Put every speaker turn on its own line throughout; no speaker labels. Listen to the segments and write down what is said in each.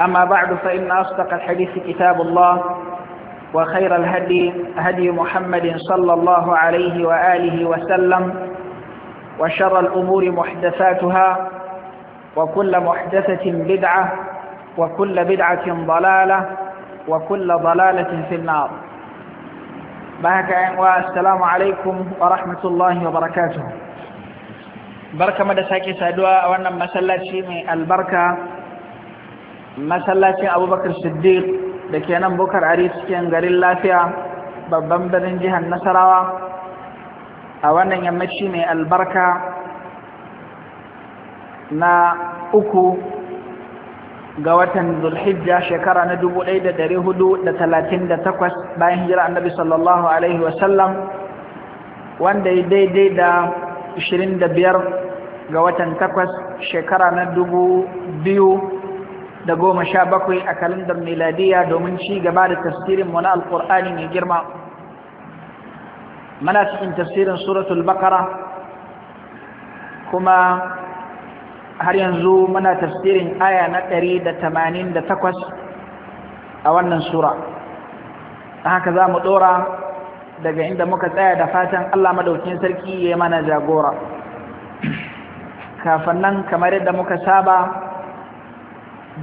أما بعد فإن أصدق الحديث كتاب الله وخير الهدي هدي محمد صلى الله عليه وآله وسلم وشر الأمور محدثاتها وكل محدثة بدعة وكل بدعة ضلالة وكل ضلالة في النار بهك والسلام عليكم ورحمة الله وبركاته بركة مدى ساكي سادوا وأنا مسلاتي من البركة masallacin abubakar siddiq da ke nan bukar ari cikin garin lafiya babban birnin jihar nasarawa a wannan yammaci mai albarka na uku ga watan zulhijja shekara na dubu ɗaya da ɗari hudu da talatin da takwas bayan hijira annabi sallallahu alaihi wasallam wanda ya daidai da ashirin da biyar ga watan takwas shekara na dubu biyu da goma sha bakwai a kalandar miladiya domin ci gaba da tafsirin mu na alƙur'ani mai girma mana cikin tafsirin suratul bakara kuma har yanzu muna tafsirin aya na ɗari da tamanin da takwas a wannan sura ta haka za mu ɗora daga inda muka tsaya da fatan allah maɗaukin sarki ya yi mana jagora kafin nan kamar yadda muka saba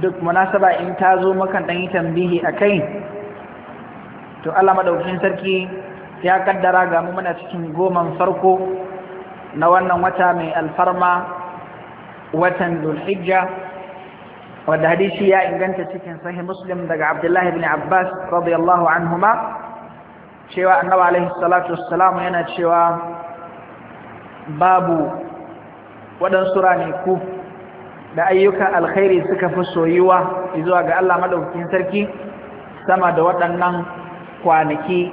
duk munasaba in ta zo makan ɗan yi tambihi a kai to Allah maɗaukin sarki ya kaddara ga mu muna cikin goman farko na wannan wata mai alfarma watan dulhijja wadda hadisi ya inganta cikin sahih muslim daga abdullahi ibn abbas radiyallahu anhuma cewa annabi alaihi salatu wassalamu yana cewa babu waɗansu ranaku da ayyukan alkhairi suka fi soyuwa zuwa ga Allah madaukakin sarki sama da waɗannan kwanaki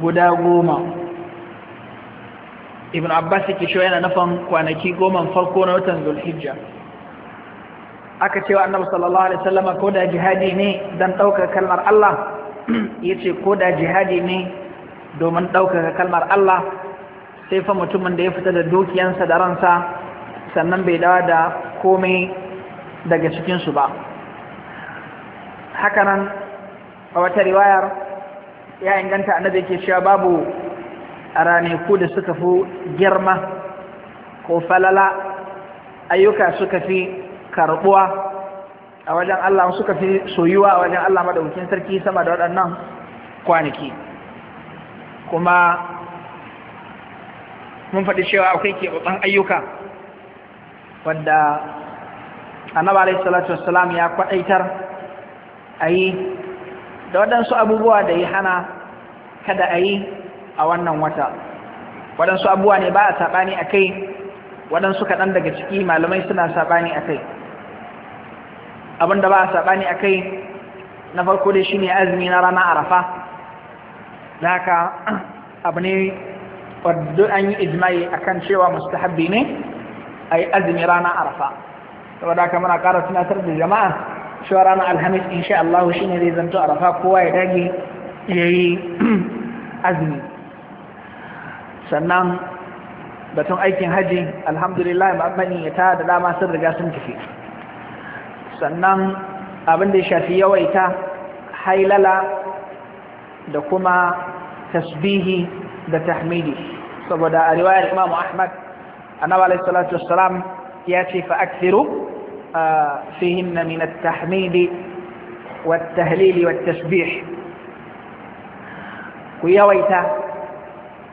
guda goma ibn abbas yake shi yana nufin kwanaki goma farko na watan zulhijja aka cewa annabi sallallahu alaihi wasallam ko da jihadi ne dan ɗaukar kalmar Allah yace ko da jihadi ne domin ɗaukar kalmar Allah sai fa mutumin da ya fita da dukiyansa da ransa sannan bai dawa da komai daga cikinsu ba hakanan a wata riwayar ya inganta annabi ke cewa babu ranaku da suka fi girma ko falala ayyuka suka fi karbuwa a wajen Allah suka fi soyuwa a wajen Allah madaukakin sarki sama da waɗannan kwanaki kuma mun faɗi cewa akwai keɓaɓɓen ayyuka wadda annaba alaihi salatu wassalam ya kwadaitar ayi da waɗansu abubuwa da ya hana kada ayi a wannan wata waɗansu abubuwa ne ba a saɓani a kai waɗansu kaɗan daga ciki malamai suna saɓani a kai abin da ba a saɓani a kai na farko dai shine azumi na rana arafa da haka abu ne wadda an yi ijma'i akan cewa mustahabbi ne a yi azumi rana arafa saboda haka muna ƙara tunatar da jama'a cewa ranar alhamis in Allah shi ne zai zanto arafa kowa ya dage ya yi azumi sannan batun aikin haji alhamdulillah mabani ya ta da dama sun riga sun tafi sannan abin da ya shafi yawaita hailala da kuma tasbihi da tahmidi saboda a riwayar imamu ahmad annabi alaihi salatu wassalam ya ce fa akthiru uh, fihinna min at-tahmidi wat-tahlili wat-tasbih ku yawaita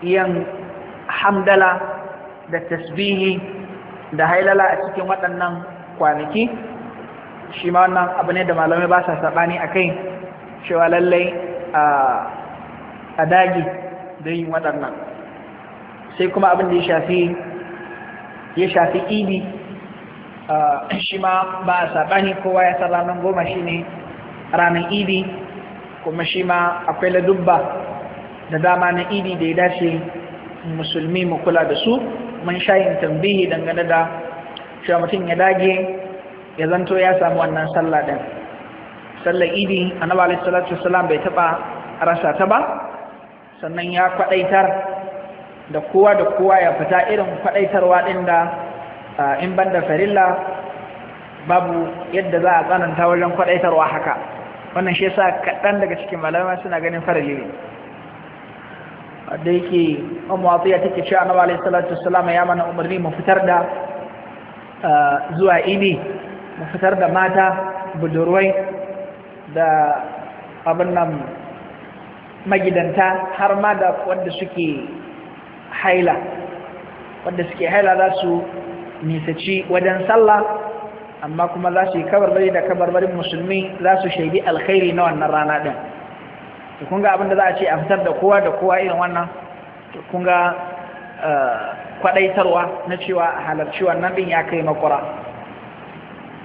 yan hamdala da tasbihi da hailala a cikin waɗannan kwanaki shi ma wannan abu ne da malamai ba sa saɓani a kai cewa lallai a dagi da yin waɗannan sai kuma abin da ya shafi ya shafi idi shi ma ba a saɓani kowa ya sa ranar goma shi ne ranar idi kuma shi ma akwai ladubba da dama na idi da ya dace musulmi mu kula da su mun shayin tambihi dangane da shi mutum ya dage ya zanto ya samu wannan sallah din sallar idi annabi alaihi salatu bai taba rasa ta ba sannan ya kwadaitar da kowa da kowa ya fita irin faɗaitarwa ɗin da in banda farilla babu yadda za a tsananta wajen faɗaitarwa haka wannan shi yasa kaɗan daga cikin malama suna ganin farali ne da yake umawatiya take cewa annabi alaihi salatu wassalam ya mana umarni mu fitar da zuwa ini mu fitar da mata budurwai da abin nan magidanta har ma da wanda suke haila wadda suke haila za su nisaci wajen sallah amma kuma za su yi kabarbari da kabarbarin musulmi za su shaidi alkhairi na wannan rana ɗin to kun ga abin da za a ce a fitar da kowa da kowa irin wannan to kun ga eh, na cewa a halarci wannan ɗin ya kai makwara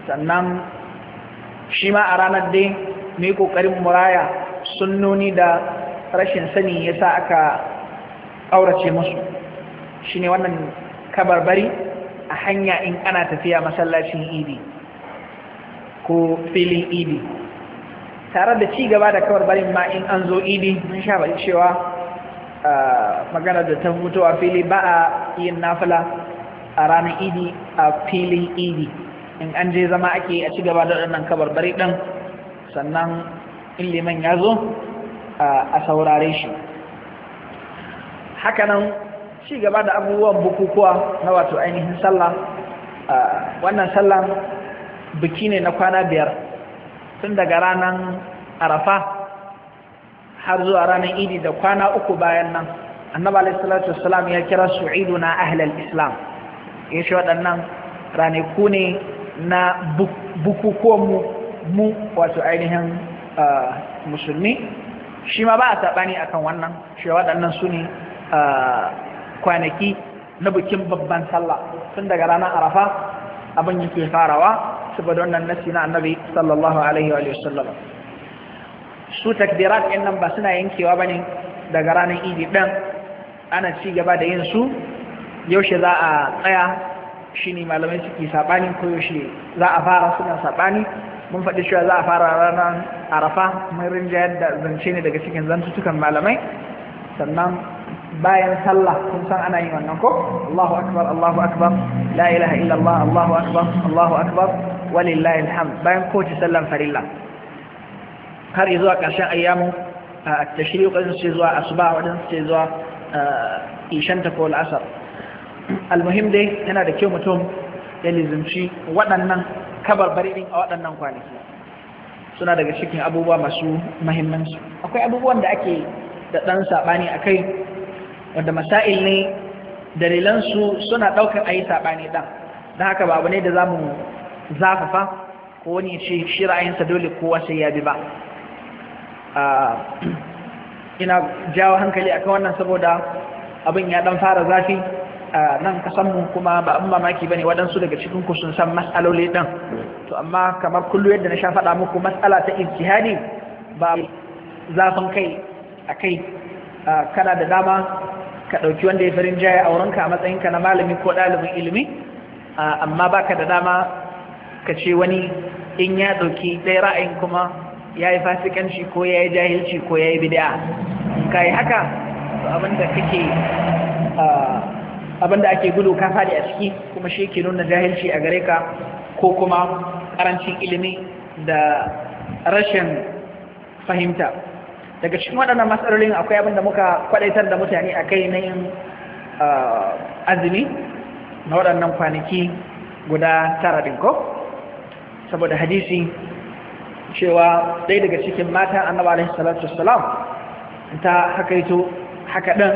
sannan shi ma a ranar dai mai ƙoƙarin muraya sunnoni da rashin sani ya sa aka aurace musu ne wannan kabarbari a hanya in ana tafiya masallacin idi ko filin idi tare da ci gaba da kabarbarin ma in an zo idi mun sha cewa magana da ta fito a fili ba a yin nafila a ranar idi a filin idi in an je zama ake a ci gaba da wannan kabarbari ɗin sannan in liman ya zo a saurare shi hakanan shi gaba da abubuwan bukukuwa na wato ainihin sallah wannan sallah biki ne na kwana biyar tun daga ranar arafa har zuwa ranar idi da kwana uku bayan nan annaba alaihissalatu wassalam ya kira su iduna ahlal islam ya shi waɗannan ranaku ne na bukukuwan mu wato ainihin musulmi shi ma ba a saɓani akan wannan shi waɗannan su ne kwanaki na bikin babban sallah tun daga ranar arafa abin yake farawa saboda wannan nasi na annabi sallallahu alaihi wa sallam su takbirat ɗin nan ba suna yankewa ba ne daga ranar idi ɗin ana ci gaba da yin su yaushe za a tsaya shi ne malamai suke saɓani ko yaushe za a fara suna saɓani mun faɗi cewa za a fara ranar arafa mai rinjayar da zance ne daga cikin zantuttukan malamai sannan bayan sallah kun san ana yin wannan ko Allahu akbar Allahu akbar la ilaha illallah Allahu akbar Allahu akbar walillahi alhamd bayan koci sallan farilla har zuwa ƙarshen ayyamu a tashriq din sai zuwa asuba wadan sai zuwa ishan ta ko al'asar almuhim dai yana da kyau mutum ya lizimci waɗannan kabarbari a waɗannan kwanaki suna daga cikin abubuwa masu mahimmanci akwai abubuwan da ake da ɗan saɓani a kai wanda masail ne dalilansu suna ɗaukar a yi saɓani ɗan don haka babu ne da za mu zafafa ko wani ya ce shi ra'ayinsa dole kowa sai ya bi ba ina jawo hankali akan wannan saboda abin ya ɗan fara zafi a nan mu kuma ba an mamaki ba ne waɗansu daga ku sun san matsaloli ɗan, to amma kamar kullu yadda na sha faɗa muku matsala ta ijtihadi ba zafin kai a kai kana da dama ka ɗauki wanda ya farin jaya a wurinka a matsayinka na malami ko ɗalibin ilimi amma baka da dama ka ce wani in ya ɗauki ɗaya ra'ayin kuma ya yi fasikanci ko ya yi jahilci ko ya yi bid'a ka yi haka abinda kake abinda ake gudu ka faɗi a ciki kuma shi ke nuna jahilci a gare ka ko kuma ƙarancin ilimi da rashin fahimta daga cikin waɗannan matsalolin akwai abin da muka kwadaitar da mutane a kai na yin ah, azumi na waɗannan kwanaki guda tara ɗin ko saboda hadisi cewa ɗaya daga cikin mata annaba alaihi salatu wassalam ta hakaito haka ɗin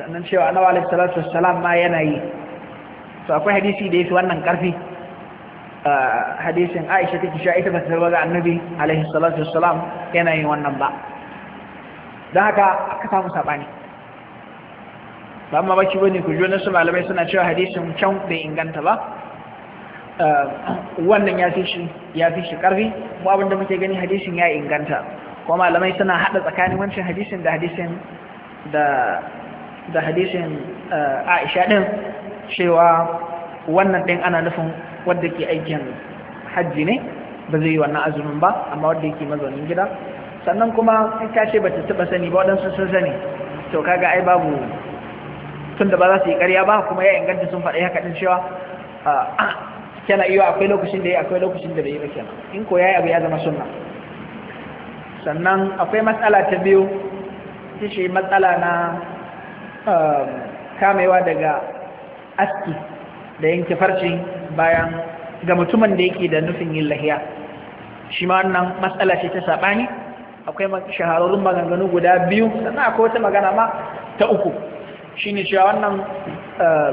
sannan cewa annaba alaihi salatu wassalam ma yana yi to akwai hadisi da ya fi wannan ƙarfi ah, hadisin aisha take cewa ita ba ta zarwa ga annabi alaihi salatu wassalam yana yin wannan ba don haka aka samu sabani ba ma baki bane ku su malamai suna cewa hadisin can bai inganta ba eh, wannan ya fi shi ya fi shi karfi mu abin da muke gani hadisin ya inganta kuma malamai suna hada tsakanin wancan hadisin da hadisin da da hadisin eh, Aisha din cewa wannan din ana nufin wanda ke aikin hajji ne ba zai yi wannan azumin ba amma wanda yake mazaunin gida sannan kuma sai ka ce ba ta taba sani ba waɗansu sun sani to kaga ai babu tun da ba za su yi ƙarya ba kuma ya inganta sun faɗi haka ɗin cewa kana iya akwai lokacin da ya akwai lokacin da bai yi ba kena, in ko yayi abu ya zama sunna sannan akwai matsala ta biyu ta ce matsala na um, kamewa daga aski da yanke farce bayan ga mutumin da yake da nufin yin lahiya shi ma wannan matsala ce ta saɓani akwai shahararrun maganganu guda biyu sannan akwai wata magana ma ta uku ne cewa wannan eh,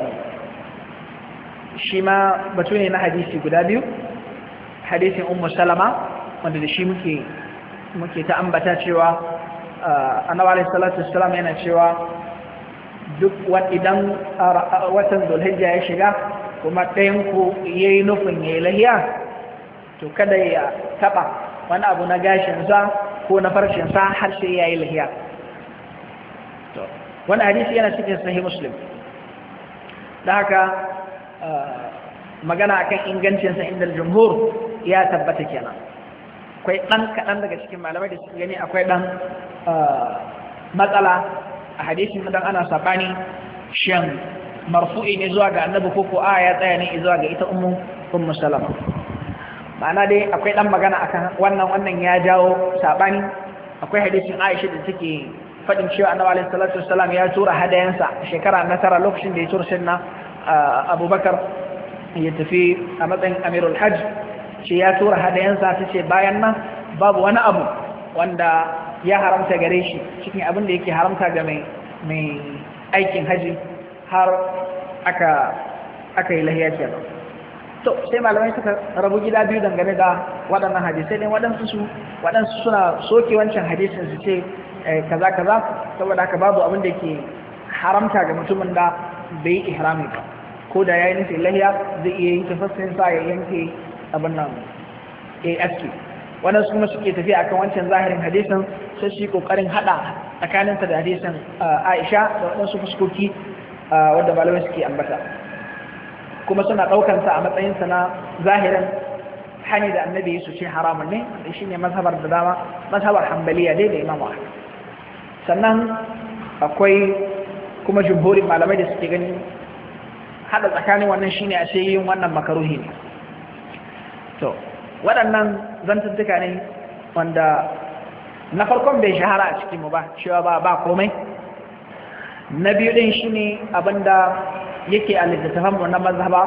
shi ma batu ne na hadisi guda biyu hadisin Umar salama wanda da shi muke ta ambata cewa eh, annabi alaihi salatu Salam yana cewa duk idan watan zulhijja ya shiga kuma ɗayan ku yayi nufin ya yi lahiya to kada ya taɓa wani abu na gashin za ko na farshen sa har sai yayi lahiya to wannan hadisi yana cikin sahih muslim da haka eh, magana akan ingancin sa inda jumhur ya tabbata kenan akwai dan kadan daga cikin malamai da suke gani akwai dan eh, matsala a hadisin dan ana sabani shin marfu'i ne zuwa ga annabi ko ko aya ya tsaya ne zuwa ga ita ummu ummu salama ma'ana dai akwai dan magana akan wannan wannan ya jawo saɓani. akwai hadisin Aisha da take faɗin cewa Annabi alaihi salatu ya tura hadayansa shekara nasara lokacin da ya tura sunna uh, Abubakar ya tafi a matsayin Amirul Hajj ce ya tura hadayansa ta ce bayan nan babu wani abu wanda ya haramta gare shi cikin abin da yake haramta ga mai aikin hajji har aka aka yi lahiya kenan to sai malamai suka rabu gida biyu dangane da waɗannan hadisai ne waɗansu su waɗansu suna soke wancan hadisin su ce eh, kaza kaza saboda haka babu abin da ke haramta ga mutumin da bai yi ihrami ba ko da yayin nufin lahiya zai iya yin tafassin sa ya yanke abin nan AFK waɗansu kuma suke tafiya akan wancan zahirin hadisin sai shi kokarin hada tsakaninsa da hadisin eh, Aisha da waɗansu fuskoki eh, wanda malamai suke ambata kuma suna ɗaukansa a matsayin sa na zahirin hani da annabi su ce haramun ne da shi ne mazhabar da dama mazhabar hambaliya dai da imamu sannan akwai kuma jumhurin malamai da suke gani hada tsakanin wannan shine a sai yin wannan makaruhi ne to waɗannan zantuntuka ne wanda na farkon bai shahara a cikinmu ba cewa ba ba komai na biyu ɗin shine abinda yake a littattafan mu na mazhaba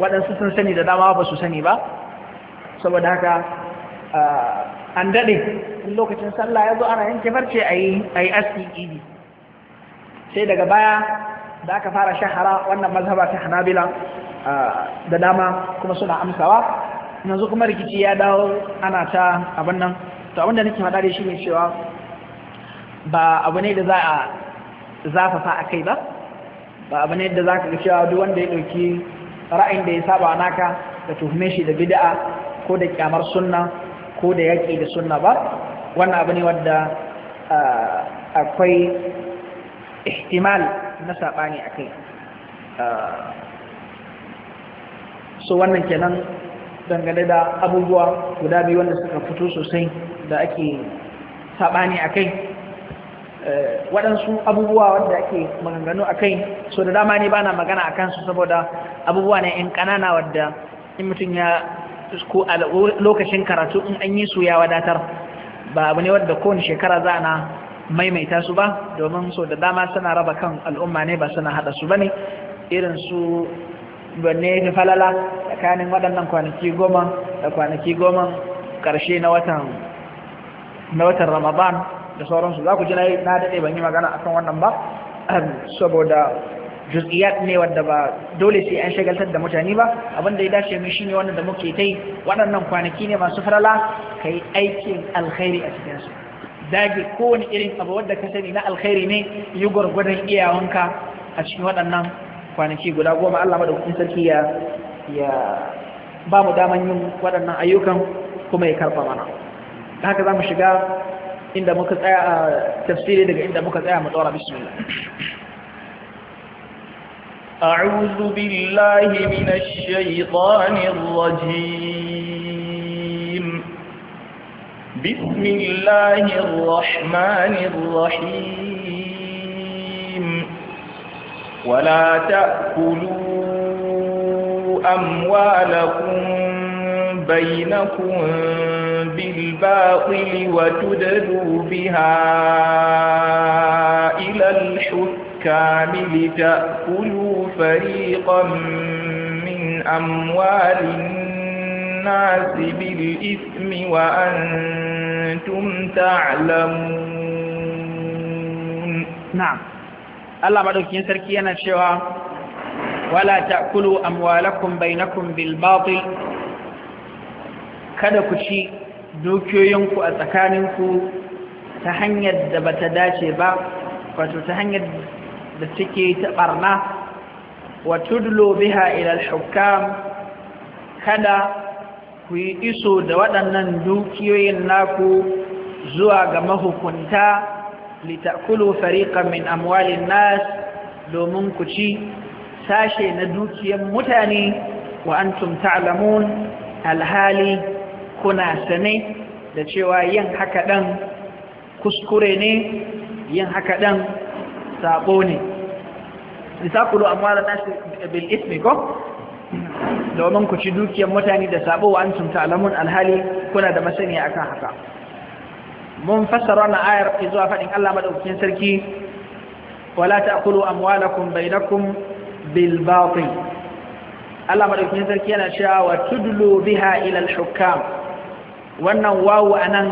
waɗansu sun sani da dama ba su sani ba saboda haka an daɗe lokacin sallah ya zo ana yanke farce a yi aski idi sai daga baya da aka fara shahara wannan mazhaba ta hanabila da dama kuma suna amsawa yanzu kuma rikici ya dawo ana ta abin nan to abin da nake faɗa da shi ne cewa ba abu ne da za a zafafa a kai ba ba abu ne da za ka cewa duk wanda ya ɗauki ra'ayin da ya saba naka da tuhume shi da bida'a ko da kyamar sunna ko da yaƙi da sunna ba wannan abu ne wadda akwai ihtimal na saɓani a kai so wannan kenan dangane da abubuwa guda biyu wanda suka fito sosai da ake saɓani a kai waɗansu abubuwa wanda ake maganganu a kai so da dama ne ba na magana a kansu saboda abubuwa ne in ƙanana wadda in mutum ya ko a lokacin karatu in an yi su ya wadatar ba abu ne wadda kowane shekara za na maimaita su ba domin so da dama suna raba kan al'umma ne ba suna haɗa su ba ne irin su banne falala tsakanin waɗannan kwanaki goma da kwanaki goma ƙarshe na watan ramadan da sauransu za ku ji na daɗe ban yi magana akan wannan ba saboda juz'iyat ne wadda ba dole sai an shagaltar da mutane ba abinda ya dace mu shine wanda da muke yi waɗannan kwanaki ne masu farala Ka yi aikin alkhairi a cikinsu dage kowane irin abu wadda ka sani na alkhairi ne yi gwargwadon iyawanka a cikin waɗannan kwanaki guda goma Allah madaukakin sarki ya ya ba mu daman yin waɗannan ayyukan kuma ya karɓa mana haka za mu shiga inda muka tsaya a tafsiri daga inda muka tsaya mu tsora bismillah أعوذ بالله من الشيطان الرجيم بسم الله الرحمن الرحيم ولا تأكلوا أموالكم بينكم بالباطل وتدلوا بها إلى الحكام لتأكلوا فريقا من أموال الناس بالإثم وأنتم تعلمون نعم الله بعدك ينسر كيانا شوى ولا تأكلوا أموالكم بينكم بالباطل kada ku ci dukiyoyinku a tsakaninku ta hanyar da ba ta dace ba wato ta hanyar da take ta barna wa tudlo biha ilal hukam kada ku yi iso da waɗannan dukiyoyin naku zuwa ga mahukunta litakulu fariƙa min amwalin nas domin ku ci sashe na dukiyan mutane wa antum ta'lamun alhali kuna sane da cewa yin haka ɗan kuskure ne yin haka ɗan sabo ne lisakulu amma da nasu bil ismi ko domin ku ci dukiyar mutane da sabo wa sun ta'lamun alhali kuna da masaniya akan haka mun fassara wannan ayar zuwa faɗin Allah madaukakin sarki wala ta'kulu amwalakum bainakum bil batil Allah madaukakin sarki yana cewa wa tudlu biha ila al-hukam wannan wawu a nan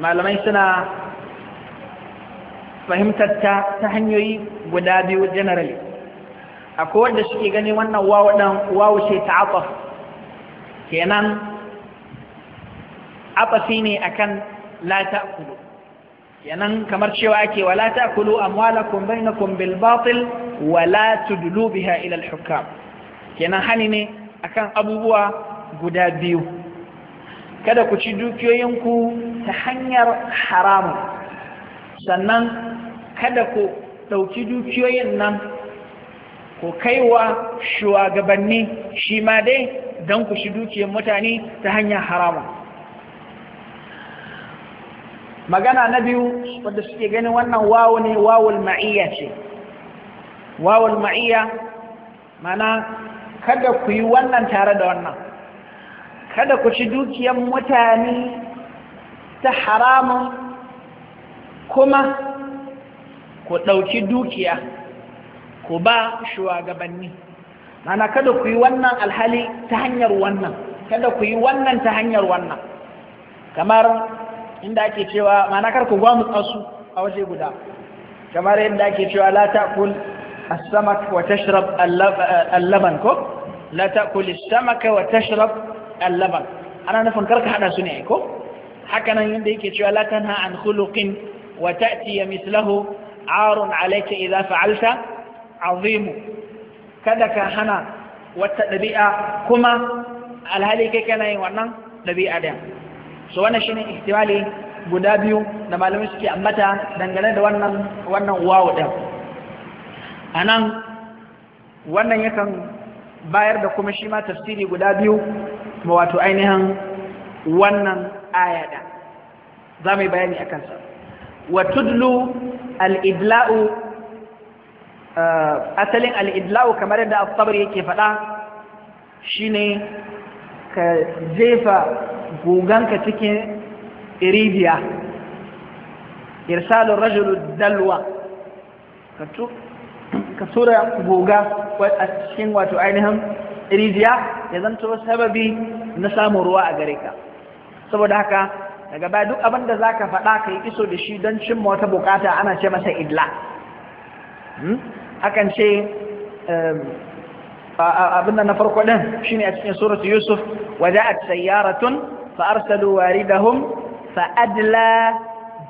malamai suna fahimtar ta ta hanyoyi guda biyu generally akwai wanda suke gani wannan wawu ɗan wawu ce ta kenan atafi ne akan la ta'kulu kenan kamar cewa ake wala kulu amwalakum bainakum bil batil wala tudlu biha ila al hukam kenan hani ne akan abubuwa guda biyu kada ku ci dukiyoyinku ta hanyar haramun sannan kada ku ɗauki dukiyoyin nan ku kaiwa shugabanni shi ma dai don ku shi dukiyar mutane ta hanyar haramun magana na biyu wadda suke ganin wannan wawo ne wawul ma'iyya ce wawul ma'iyya mana kada ku yi wannan tare da wannan kada ku ci dukiyan mutane ta haramun kuma ku ɗauki dukiya ku ba shugabanni mana kada ku yi wannan alhali ta hanyar wannan kada ku yi wannan ta hanyar wannan kamar inda ake cewa mana kar ku gwamutsa su a waje guda kamar yadda ake cewa la ta'kul as-samak wa tashrab al ko la ta'kul as-samaka wa tashrab al-laban ana nufin karka hada su ne ko haka nan yanda yake cewa la tanha an khuluqin wa ta'ti mislahu arun alayka idza fa'alta azim kada ka hana wata dabi'a kuma alhali kai kana yin wannan dabi'a da so wannan shine ihtimali guda biyu da malamai suke ambata dangane da wannan wannan wawu din anan wannan yakan bayar da kuma shi ma tafsiri guda biyu wato ainihin wannan ayada za mu yi bayani a kansa wa tudlu al'idla'u eh, asalin al'idla'u kamar yadda asabar yake faɗa shine ka jefa guganka cikin iridiya irsalin rajulu dalwa ka tura guga a cikin wato ainihin rijiya ya zanto sababi na samun ruwa a gare ka saboda haka daga baya duk abin da za ka faɗa ka yi iso da shi don cimma wata bukata ana ce masa idla hakan hmm? ce ehm, abin na farko ɗin shi ne a cikin suratu yusuf waje a sayyaratun fa'arsalu waridahum fa'adla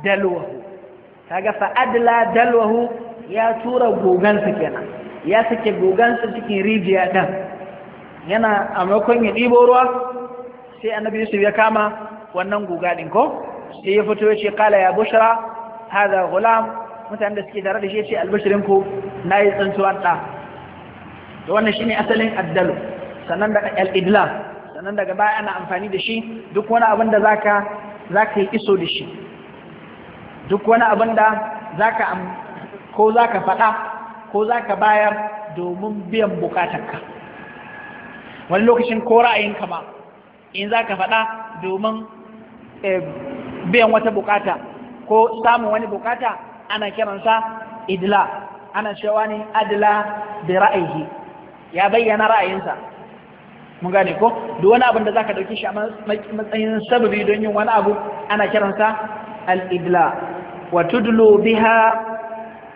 dalwahu kaga fa'adla dalwahu ya tura gogansu kenan ya sake gogansu cikin rijiya ɗin yana a maimakon ya ɗibo ruwa sai annabi yusuf ya kama wannan guga ɗin ko sai ya fito ya ce kala ya bushra haza gulam mutane da suke tare da shi ya ce albashirin ku na yi tsantuwar ɗa to wannan ne asalin addalu sannan daga al-idlam sannan daga baya ana amfani da shi duk wani abin da zaka zaka yi iso da shi duk wani abin da zaka ko zaka faɗa ko zaka bayar domin biyan bukatarka wani lokacin ko ra'ayin kama in za ka faɗa domin eh, biyan wata bukata ko samun wani bukata ana kiransa idila ana cewa ne adila da ra'ayi ya bayyana ra'ayinsa mun gane ko duk wani abin da za ka ɗauki shi a matsayin sababi don yin wani abu ana kiransa al-idla wa tudlu biha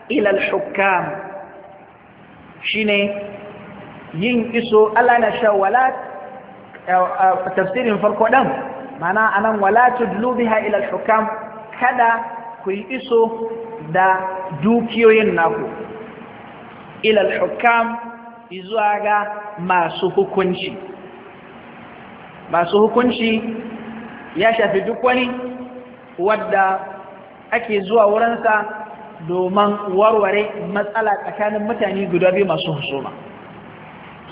ila al-hukam shine yin iso Allah na sha a eh, eh, tafsirin farko ɗan mana anan nan walatu ila al-hukam kada ku yi iso da dukiyoyin naku ila al-hukam izuwa ga masu hukunci masu hukunci ya shafi duk wani wadda ake zuwa wurinsa domin warware matsala tsakanin mutane guda biyu masu husuma.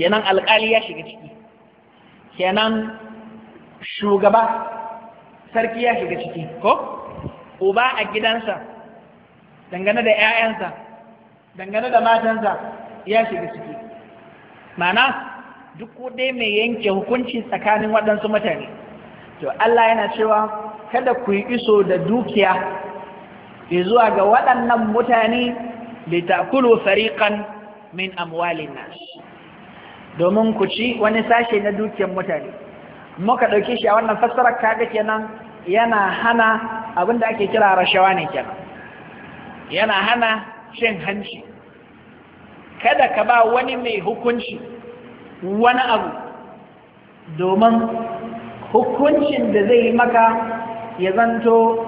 kenan alƙali ya shiga ciki kenan shugaba sarki ya shiga ciki ko uba a gidansa dangane da 'ya'yansa dangane da matansa ya shiga ciki mana duk dai mai yanke hukunci tsakanin waɗansu mutane to Allah yana cewa kada ku yi iso da dukiya zuwa ga waɗannan mutane litakulu fariƙan min amwalin nasu domin ku ci wani sashe na dukiyar mutane muka ɗauke shi a wannan fassarar kaga kenan yana hana abin da ake kira rashawa ne kenan yana hana cin hanci kada ka ba wani mai hukunci wani abu domin hukuncin da zai maka ya zanto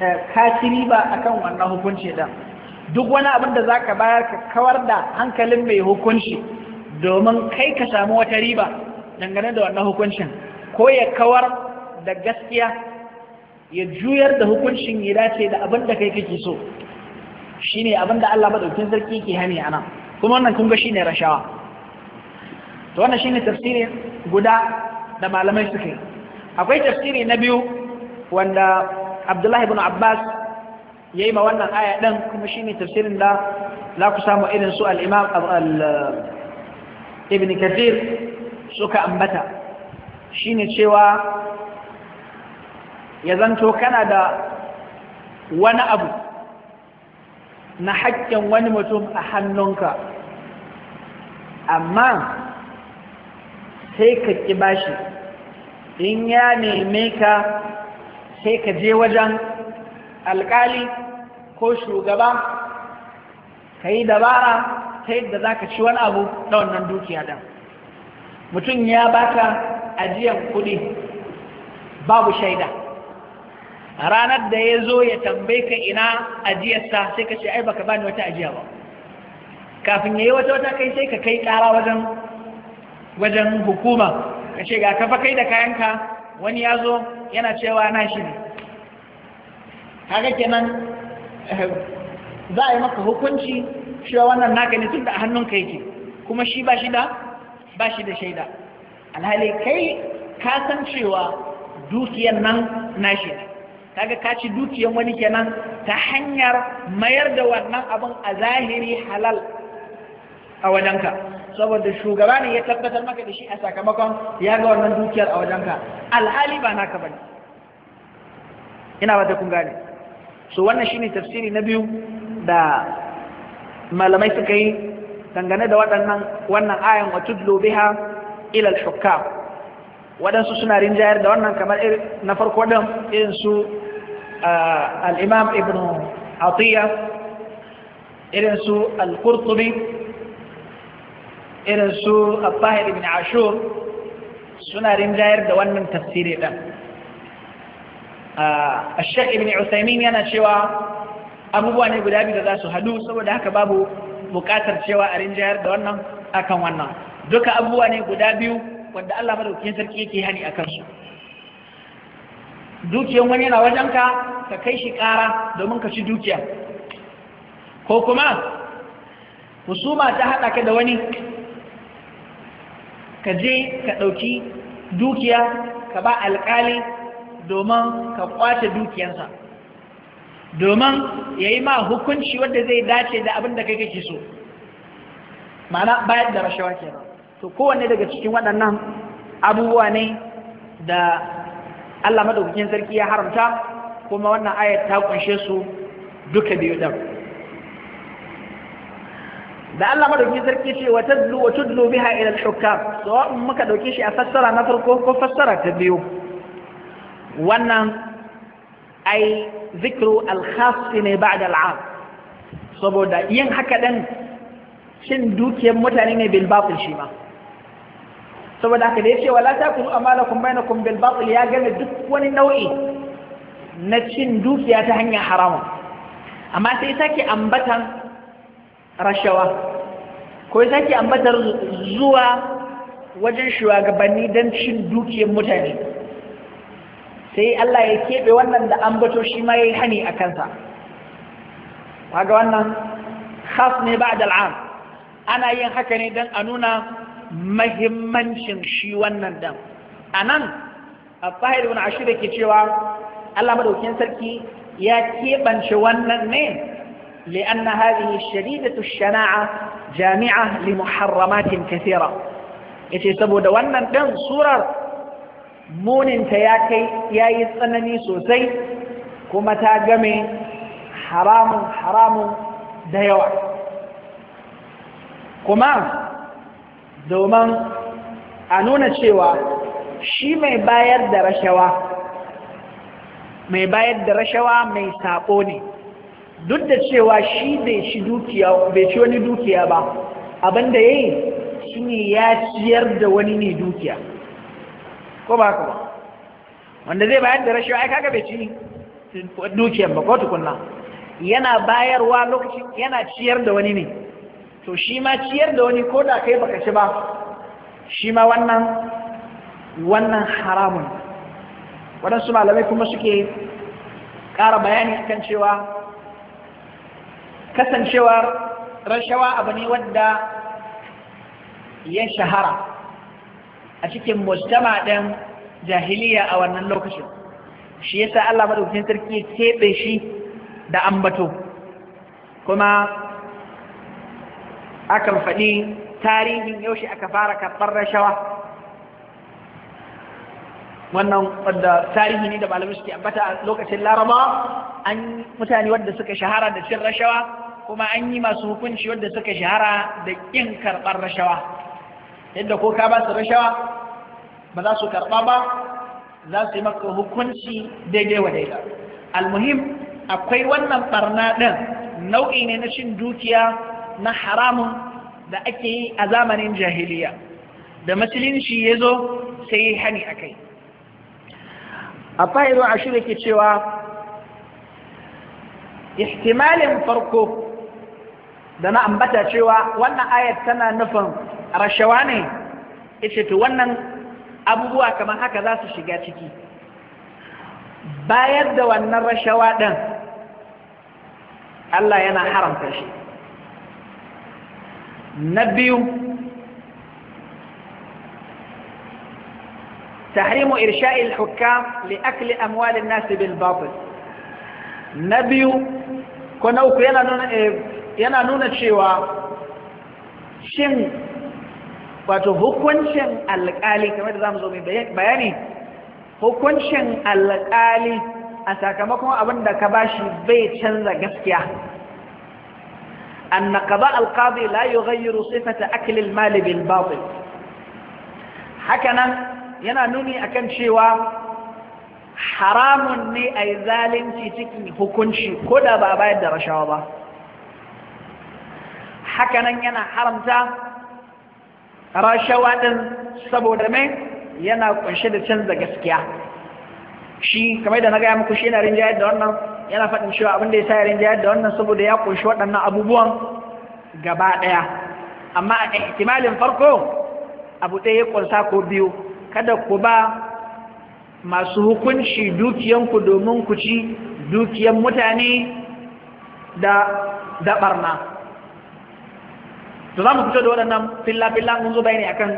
eh, kaciri ba a kan wannan hukunci ɗin duk wani abin da za ka bayar ka kawar da hankalin mai hukunci domin kai ka samu wata riba dangane da wannan hukuncin ko ya kawar da gaskiya ya juyar da hukuncin ya dace da abin da kai kake so shine abin da Allah madaukakin sarki ke hani ana kuma wannan kun ga shine rashawa to wannan shine tafsiri guda da malamai suka yi akwai tafsiri na biyu wanda Abdullah ibn Abbas yayi ma wannan aya din kuma shine tafsirin da za ku samu irin su al-Imam al ibn kathir suka ambata shine cewa ya zanto kana da wani abu na haƙƙin wani mutum a hannunka amma sai ka ƙi bashi in ya neme ka sai ka je wajen alƙali ko shugaba ka yi dabara ta yadda za ka ci wani abu na wannan dukiya da. mutum ya baka ajiyar kuɗi babu shaida ranar da ya zo ya tambaye ka ina ajiyarsa sai ka ce ai baka bani wata ajiya ba kafin ya yi wata wata kai sai ka kai ƙara wajen hukuma ka ce ga kafa kai da kayanka wani ya zo yana cewa na shi ne kaga kenan eh, za a yi maka hukunci cewa wannan naka ne da a hannunka yake kuma shi ba shi da ba shi da shaida alhali kai ka san cewa dukiyan nan nashi ne kaga ka ci dukiyar wani kenan ta hanyar mayar da wannan abin a zahiri halal a wajenka saboda shugaba ne ya tabbatar maka da shi a sakamakon ya ga wannan dukiyar a wajenka alhali ba naka bane ina ba ta kun gane so wannan shine tafsiri na biyu da malamai suka yi dangane da waɗannan wannan ayan wa tudlu biha ila al-hukam waɗansu suna rinjayar da wannan kamar na farko din irin su ah, al-imam ibn atiya irin su al-qurtubi irin su al-tahir ibn ashur suna rinjayar da wannan tafsiri din الشيخ ابن عثيمين yana cewa abubuwa ne guda biyu da za su haɗu saboda haka babu buƙatar cewa a rinjayar da wannan akan wannan duka abubuwa ne guda biyu wanda Allah madaukakin sarki yake hani a su. dukiyar wani yana wajen ka ka kai shi ƙara domin ka ci dukiya ko kuma husuma ta haɗa ka da wani ka je ka ɗauki dukiya ka ba alƙali domin ka kwace dukiyansa domin ya yi ma hukunci wadda zai dace da abin da kai kake so ma'ana bayan da rashawa ke to kowanne daga cikin waɗannan abubuwa ne da Allah madaukakin sarki ya haramta kuma wannan ayat ta kunshe su duka biyu da da Allah madaukakin sarki ce wa tadlu wa tudlu biha ila al-hukam so muka dauke shi a fassara na farko ko fassara ta biyu wannan ai zikru alkhasi ne ba da al'am saboda yin haka ɗan cin dukiyar mutane ne bil batil shi ma saboda haka da ya ce wala ta kuru amalakum bainakum bil batil ya gane duk wani nau'i na cin dukiya ta hanyar haramun amma sai sake ambatan rashawa ko ya sake ambatar zuwa wajen shugabanni don cin dukiyar mutane sai Allah ya keɓe wannan da bato shi ma yi hani a kansa ga wannan khas ne ba'da al'am ana yin haka ne dan a nuna mahimmancin shi wannan dan anan al a ibn ashir ke cewa Allah madaukin sarki ya keɓance wannan ne لأن هذه jami'a الشناعة جامعة لمحرمات Ya yace saboda wannan dan surar muninta ya kai ya yi tsanani sosai kuma ta game haramun haramun da yawa kuma domin a nuna cewa shi mai bayar da rashawa mai bayar da rashawa mai sako ne duk da cewa shi bai ci dukiya bai ci wani dukiya ba abinda yayi shine ya ciyar da wani ne dukiya ko ba haka ba wanda zai bayar da rashawa ai kaga bai ci dukiyar ba ko tukunna yana bayarwa lokaci yana ciyar da wani ne to shi ma ciyar da wani ko da kai baka ci ba shi ma wannan wannan haramun waɗansu malamai kuma suke ƙara bayani kan cewa kasancewar rashawa abu ne wadda ya shahara a cikin mujtama ɗin jahiliya a wannan lokacin shi yasa Allah madaukakin sarki ya keɓe shi da ambato kuma akan faɗi tarihin yaushe aka fara karɓar rashawa wannan wadda tarihi ne da malamai suke ambata a lokacin larabawa an mutane wadda suka shahara da cin rashawa kuma an yi masu hukunci wadda suka shahara da ƙin karɓar rashawa yadda ko ka ba su rashawa ba za su karɓa ba za su yi maka hukunci daidai wa daida almuhim akwai wannan barna ɗin nau'i ne na cin dukiya na haramun da ake yi a zamanin jahiliya da musulunci ya zo sai yi hani a kai a fa'iru a shirya ke cewa
ihtimalin farko
da na ambata cewa wannan ayat tana nufin rashawa ne ita wannan abubuwa kamar haka za su shiga ciki bayar da wannan rashawa ɗin Allah yana haramta shi na biyu تحريم إرشاء الحكام لأكل أموال الناس بالباطل نبي كنا أكو ينا نونا شيوا شم wato hukuncin alƙali kamar da zamu zo mai bayani hukuncin alƙali a sakamakon abin da ka bashi bai canza gaskiya an naqaba alqadi la yughayyiru sifata akli almal bil batil hakanan yana nuni akan cewa haramun ne ayi zalunci cikin hukunci ko da ba bayar da rashawa ba hakanan yana haramta rashawa ɗin saboda mai yana kunshe da canza gaskiya shi kamar da na gaya muku shi yana rinjayar da wannan yana faɗin cewa abin da ya sa ya rinjayar da wannan saboda ya kunshi waɗannan abubuwan gaba ɗaya amma a ihtimalin farko abu ɗaya ya kunsa ko biyu kada ku ba masu hukunci dukiyanku domin ku ci dukiyan mutane da da to za mu fito da waɗannan filla-filla mun zo bayani akan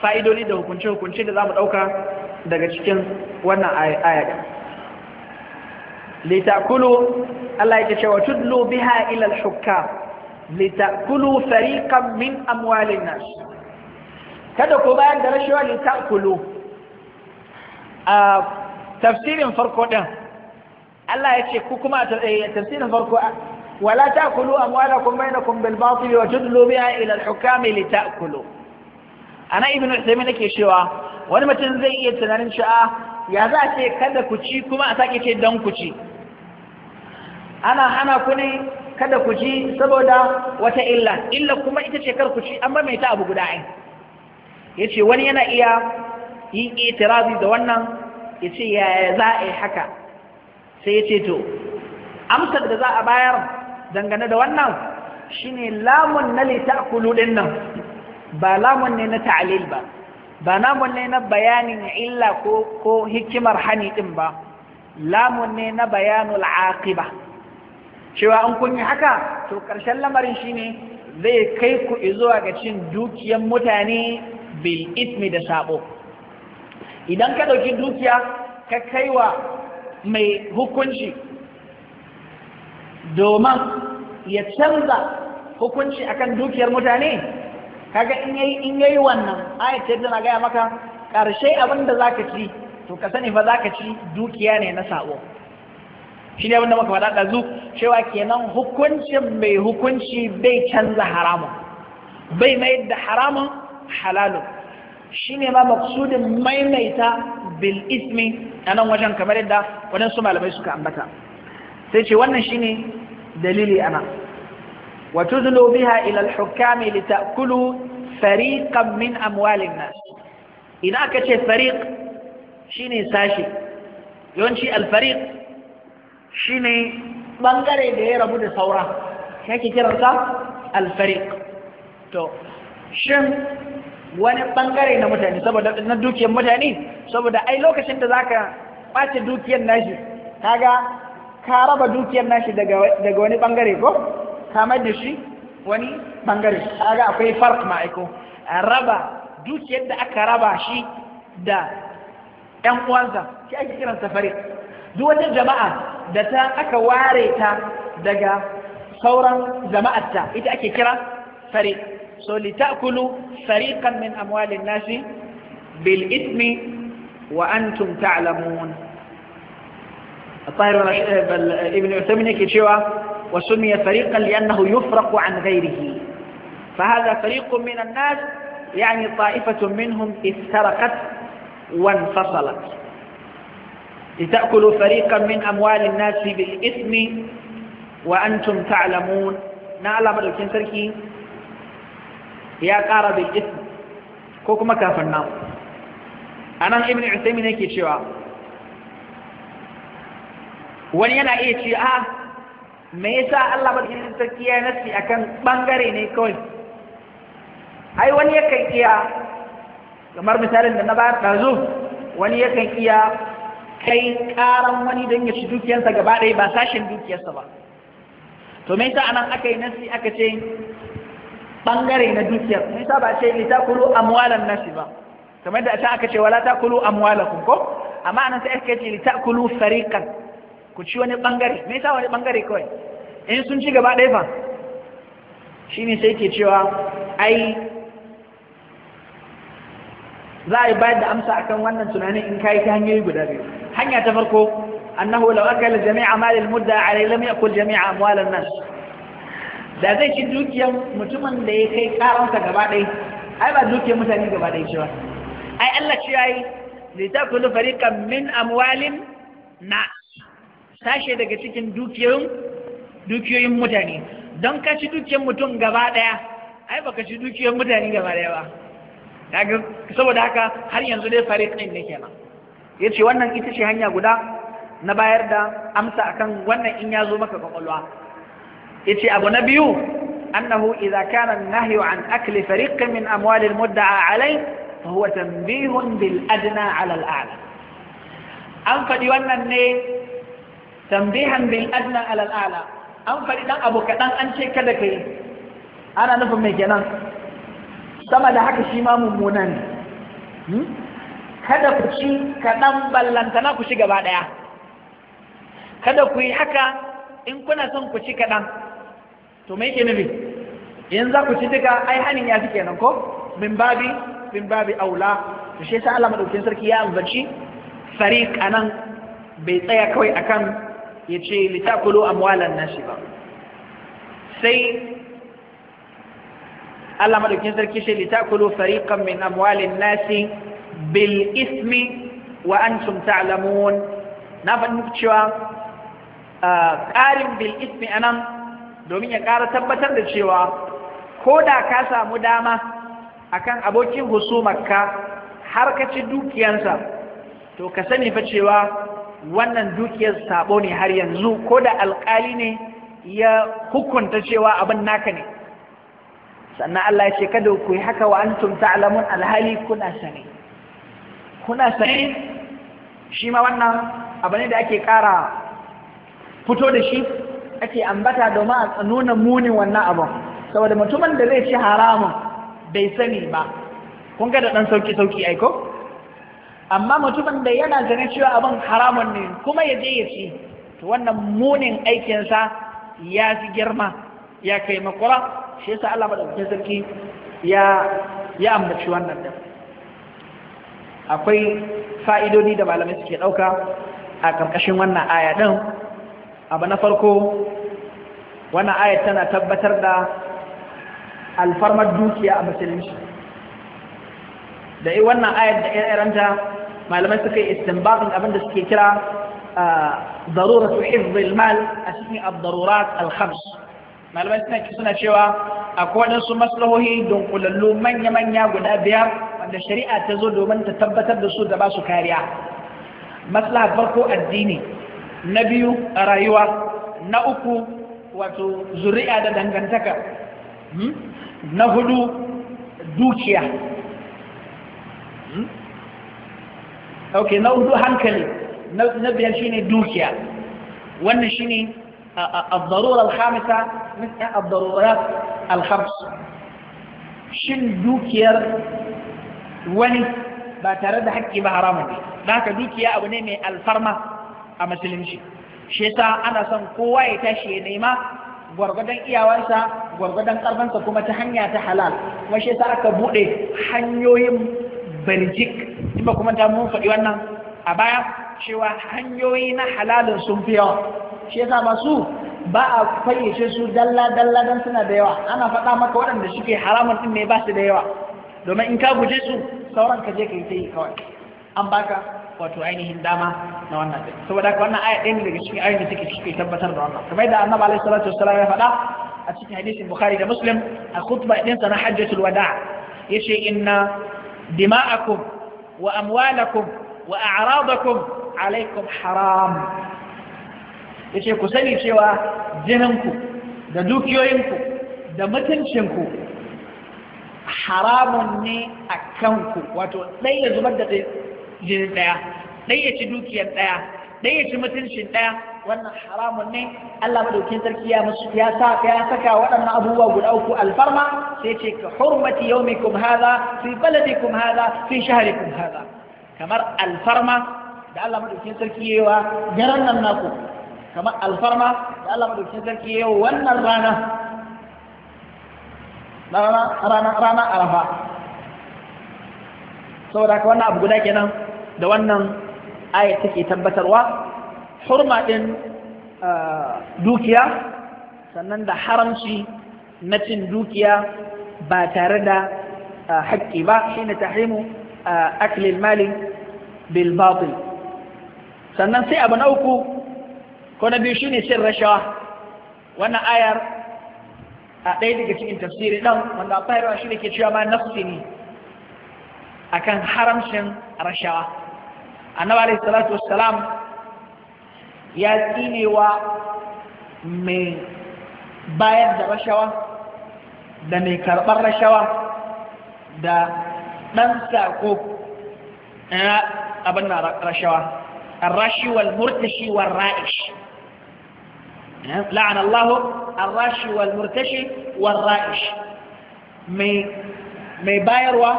fa'idodi da hukunce-hukunce da za mu ɗauka daga cikin wannan ayyadin. litakulu Allah ya cewa tudlu biha ila al-hukam litakulu fariqan min amwalin nas kada ku bayan da rashawa litakulu a tafsirin farko din Allah ya ce ku kuma eh, tafsirin farko a ولا تأكلوا أموالكم بينكم بالباطل وتدلوا بها A الحكام لتأكلوا أنا ابن عثيمين ke cewa wani mutum zai iya tunanin sha'a ya za a kada ku ci kuma a sake ce don ku ana hana ku ne kada ku saboda wata illa illa kuma ita ce kar ku an mai ta abu guda Ya yace wani yana iya yin itirazi da wannan yace yaya za a yi haka sai yace to amsar da za a bayar dangane da wannan shine lamun na litakulu din nan ba lamun ne na ta'lil ba ba lamun ne na bayanin illa ko hikimar hani din ba lamun ne na bayanul aqiba cewa an kun yi haka to ƙarshen lamarin shine zai kai ku zuwa ga cin dukiyan mutane bil ismi da sabo idan ka ɗauki dukiya ka kaiwa mai hukunci domin ya canza hukunci akan dukiyar mutane kaga in yayi in yayi wannan ayat ce tana gaya maka karshe abin da zaka ci to ka sani fa ka ci dukiya ne na sabo shi ne muka faɗa ɗazu cewa kenan hukuncin mai hukunci bai canza haramun bai mai da haramun halalun shi ne ma maksudin maimaita bil ismi a nan wajen kamar yadda waɗansu malamai suka ambata sai ce wannan shine dalili ana wa tuzlu biha ila al-hukam li ta'kulu fariqan min amwalin nas idan aka ce fariq shine sashi yawanci al-fariq shine bangare da ya rabu da saura yake kiransa al-fariq to shin wani bangare na mutane saboda na dukiyar mutane saboda ai lokacin da zaka kwace dukiyar nashi kaga ka raba dukiyar nashi daga wani bangare ko ka da shi wani bangare kaga akwai fark ma'aiko raba dukiyar da aka raba shi da ƴan uwansa shi ake kiran safari duk wata jama'a da ta aka ware ta daga sauran jama'arta ita ake kira fari so litakulu fariqan min amwalin nasi bil ismi wa antum ta'lamun الطاهر ابن عثيمين يكي شوى وسمي فريقا لأنه يفرق عن غيره فهذا فريق من الناس يعني طائفة منهم افترقت وانفصلت لتأكلوا فريقا من أموال الناس بالإثم وأنتم تعلمون نعلم الكين تركي يا قارب بالإثم كوكما كافرنا أنا ابن عثيمين كي شوى
wani yana iya ce
a ah, me yasa Allah madaukakin sarki ya nasi akan bangare ne kawai ai wani yakan iya kamar misalin da na ba ɗazu wani yakan iya kai ƙaran wani don ya ci dukiyarsa gaba ɗaya ba sashen dukiyarsa ba to me yasa anan aka yi nasi aka ce bangare na dukiyar me yasa ba ce ita kulu amwalan nasi ba kamar da ta aka ce wala takulu amwalakum ko amma anan sai aka ce ita kulu fariqan ku ci wani bangare me yasa wani bangare kawai in sun ci gaba ɗaya fa shine sai ke cewa ai za a yi bayar da amsa akan wannan tunanin in kai ta hanyoyi guda biyu hanya ta farko annahu law akala jami'a mal al mudda alai lam yakul jami'a amwal an nas da zai ci dukiyar mutumin da ya kai karanta gaba ɗaya ai ba dukiyar mutane gaba ɗaya ce ba ai Allah ce yayi li takulu fariqan min amwalin nas sashe daga cikin dukiyoyin mutane don ka ci dukiyar mutum gaba ɗaya ai baka ci dukiyar mutane gaba ɗaya ba saboda haka har yanzu dai fari ɗin ne kenan yace wannan ita ce hanya guda na bayar da amsa akan wannan in ya zo maka kwakwalwa yace abu na biyu akli إذا min النهي al mudda'a فريق fa huwa tanbihun bil adna ala al a'la An faɗi wannan ne. tambihan bil adna alal ala an faɗi dan abu kaɗan an ce kada ka yi ana nufin mai kenan sama da haka shi ma mummuna hmm? kada ku ci kaɗan ballantana ku ci gaba ɗaya kada ku yi haka in kuna son ku ci kaɗan to me yake nufi yanzu za ku ci duka ai hanin ya fi kenan ko min babi min babi aula to shi yasa Allah madaukin sarki ya ambaci fariq anan bai tsaya kawai akan ya ce litakulu amwalan nashi ba sai Allah madaukin sarki shi litakulu fariqan min amwalin nasi bil ismi wa antum ta'lamun na fahimci cewa ƙarin bil ismi anan domin ya ƙara tabbatar da cewa ko da ka samu dama akan abokin husumarka har ka ci dukiyansa to ka sani fa cewa wannan dukiyar sabo ne har yanzu ko da alƙali ne ya hukunta cewa abin naka ne sannan Allah ya ce kada ku yi haka wa antum ta'lamun alhali kuna sane kuna sane shi ma wannan abu da ake ƙara fito da shi ake ambata domin a tsanuna muni wannan abin saboda mutumin da zai ci haramun bai sani ba kun ga da ɗan sauki sauki aiko amma mutumin da yana zane cewa abin haramun ne kuma ya je ya ci to wannan munin aikinsa ya fi girma ya kai makura shi yasa Allah madaukakin sarki ya ya ambaci wannan da akwai fa'idodi da malamai suke ɗauka a ƙarƙashin wannan aya din abu na farko wannan aya tana tabbatar da alfarmar dukiya a musulunci da yi wannan ayar da ya malamai suka yi istinbatin abin da suke kira daruratu hifzil mal a cikin ad-darurat al malamai suna suna cewa akwai waɗansu maslahohi kulallu manya-manya guda biyar wanda shari'a ta zo domin ta tabbatar da su da ba su kariya maslaha farko addini na biyu a rayuwa na uku wato zuri'a da dangantaka hmm, na hudu dukiya hmm? ok na hudu hankali na biyar ne dukiya wannan shine الضرورة الخامسة من الضرورات الخمس shin dukiyar wani ba tare da haƙƙi ba haramun ne da haka dukiya abu ne mai alfarma a musulunci shi sa ana son kowa ya tashi ya nema gwargwadon iyawarsa gwargwadon ƙarfansa kuma ta hanya ta halal kuma shi sa aka buɗe hanyoyin birjik in ba kuma ta mun faɗi wannan a baya cewa hanyoyi na halalin sun fi yawa shi yasa ba su ba a fayyace su dalla dalla dan suna da yawa ana faɗa maka waɗanda suke haramun din ne ba su da yawa domin in ka guje su sauran ka je ka yi ta yi kawai an baka wato ainihin dama na wannan din saboda haka wannan aya ɗaya ne daga cikin ayoyin da take tabbatar da wannan kamar da annabi alaihi salatu wassalam ya faɗa a cikin hadisin bukhari da muslim a khutba ɗinsa na hajjatul wada' yace inna dima'akum wa amwalakum wa a'radakum alaikum haram yace ku sani cewa jininku da dukiyoyinku da mutuncinku haramun ne a kanku wato ɗaya ya zubar da jinin ɗaya ɗaya ya ci dukiyar ɗaya ɗaya ya ci mutuncin ɗaya wannan haramun ne Allah madaukin sarki ya musu ya sa ya saka waɗannan abubuwa guda uku alfarma sai ce ka hurmati yaumikum hadha fi baladikum hadha fi shahrikum hadha kamar alfarma da Allah madaukin sarki ya yi wa garan nan naku kamar alfarma da Allah madaukin sarki yawa wannan rana rana rana rana arafa saboda ka wannan abu guda kenan da wannan ayat take tabbatarwa hurma ɗin dukiya sannan da haramci na cin dukiya ba tare da haƙƙi ba shine tahrimu aklil mali bil sannan sai abu na uku ko na biyu shine cin rashawa wannan ayar a ɗaya daga cikin tafsiri ɗan wanda a shi ne ke cewa ma nafsi ne akan haramcin rashawa annabi alaihi salatu wassalam ya tsinewa mai bayar da rashawa da mai karɓar rashawa da ɗan sako abin na rashawa الراشي والمرتشي والرائش لعن الله الراشي والمرتشي والرائش mai bayarwa